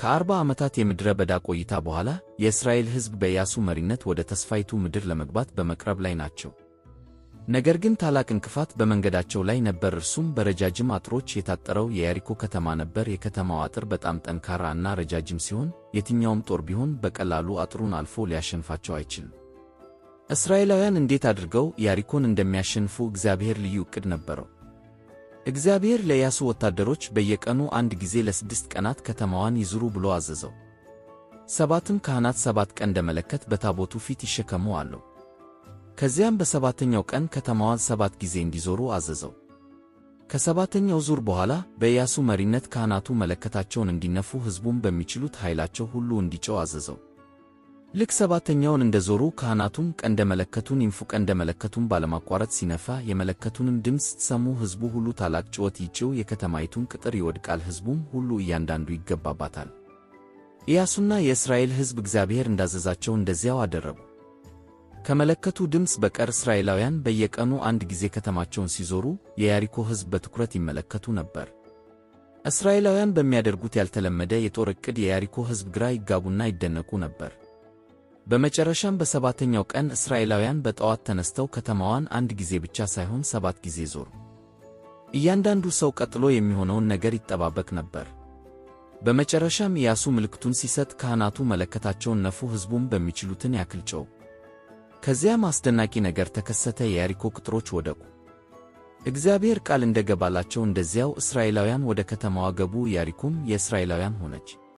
ከአርባ ዓመታት የምድረ በዳ ቆይታ በኋላ የእስራኤል ሕዝብ በኢያሱ መሪነት ወደ ተስፋይቱ ምድር ለመግባት በመቅረብ ላይ ናቸው። ነገር ግን ታላቅ እንቅፋት በመንገዳቸው ላይ ነበር። እርሱም በረጃጅም አጥሮች የታጠረው የያሪኮ ከተማ ነበር። የከተማው አጥር በጣም ጠንካራ እና ረጃጅም ሲሆን የትኛውም ጦር ቢሆን በቀላሉ አጥሩን አልፎ ሊያሸንፋቸው አይችልም። እስራኤላውያን እንዴት አድርገው ያሪኮን እንደሚያሸንፉ እግዚአብሔር ልዩ ዕቅድ ነበረው። እግዚአብሔር ለኢያሱ ወታደሮች በየቀኑ አንድ ጊዜ ለስድስት ቀናት ከተማዋን ይዙሩ ብሎ አዘዘው። ሰባትም ካህናት ሰባት ቀን እንደመለከት በታቦቱ ፊት ይሸከሙ አለው። ከዚያም በሰባተኛው ቀን ከተማዋን ሰባት ጊዜ እንዲዞሩ አዘዘው። ከሰባተኛው ዙር በኋላ በኢያሱ መሪነት ካህናቱ መለከታቸውን እንዲነፉ ሕዝቡም በሚችሉት ኃይላቸው ሁሉ እንዲጮው አዘዘው። ልክ ሰባተኛውን እንደ ዞሩ ካህናቱም ቀንደ መለከቱን ይንፉ። ቀንደ መለከቱን ባለማቋረጥ ሲነፋ የመለከቱንም ድምፅ ስትሰሙ ሕዝቡ ሁሉ ታላቅ ጩኸት ይጭው፣ የከተማይቱን ቅጥር ይወድቃል። ሕዝቡም ሁሉ እያንዳንዱ ይገባባታል። ኢያሱና የእስራኤል ሕዝብ እግዚአብሔር እንዳዘዛቸው እንደዚያው አደረጉ። ከመለከቱ ድምፅ በቀር እስራኤላውያን በየቀኑ አንድ ጊዜ ከተማቸውን ሲዞሩ የያሪኮ ሕዝብ በትኩረት ይመለከቱ ነበር። እስራኤላውያን በሚያደርጉት ያልተለመደ የጦር ዕቅድ የያሪኮ ሕዝብ ግራ ይጋቡና ይደነቁ ነበር። በመጨረሻም በሰባተኛው ቀን እስራኤላውያን በጠዋት ተነስተው ከተማዋን አንድ ጊዜ ብቻ ሳይሆን ሰባት ጊዜ ዞሩ። እያንዳንዱ ሰው ቀጥሎ የሚሆነውን ነገር ይጠባበቅ ነበር። በመጨረሻም ኢያሱ ምልክቱን ሲሰጥ ካህናቱ መለከታቸውን ነፉ፣ ሕዝቡም በሚችሉትን ያክል ጮኹ። ከዚያም አስደናቂ ነገር ተከሰተ፤ የያሪኮ ቅጥሮች ወደቁ። እግዚአብሔር ቃል እንደገባላቸው እንደዚያው እስራኤላውያን ወደ ከተማዋ ገቡ፣ ያሪኮም የእስራኤላውያን ሆነች።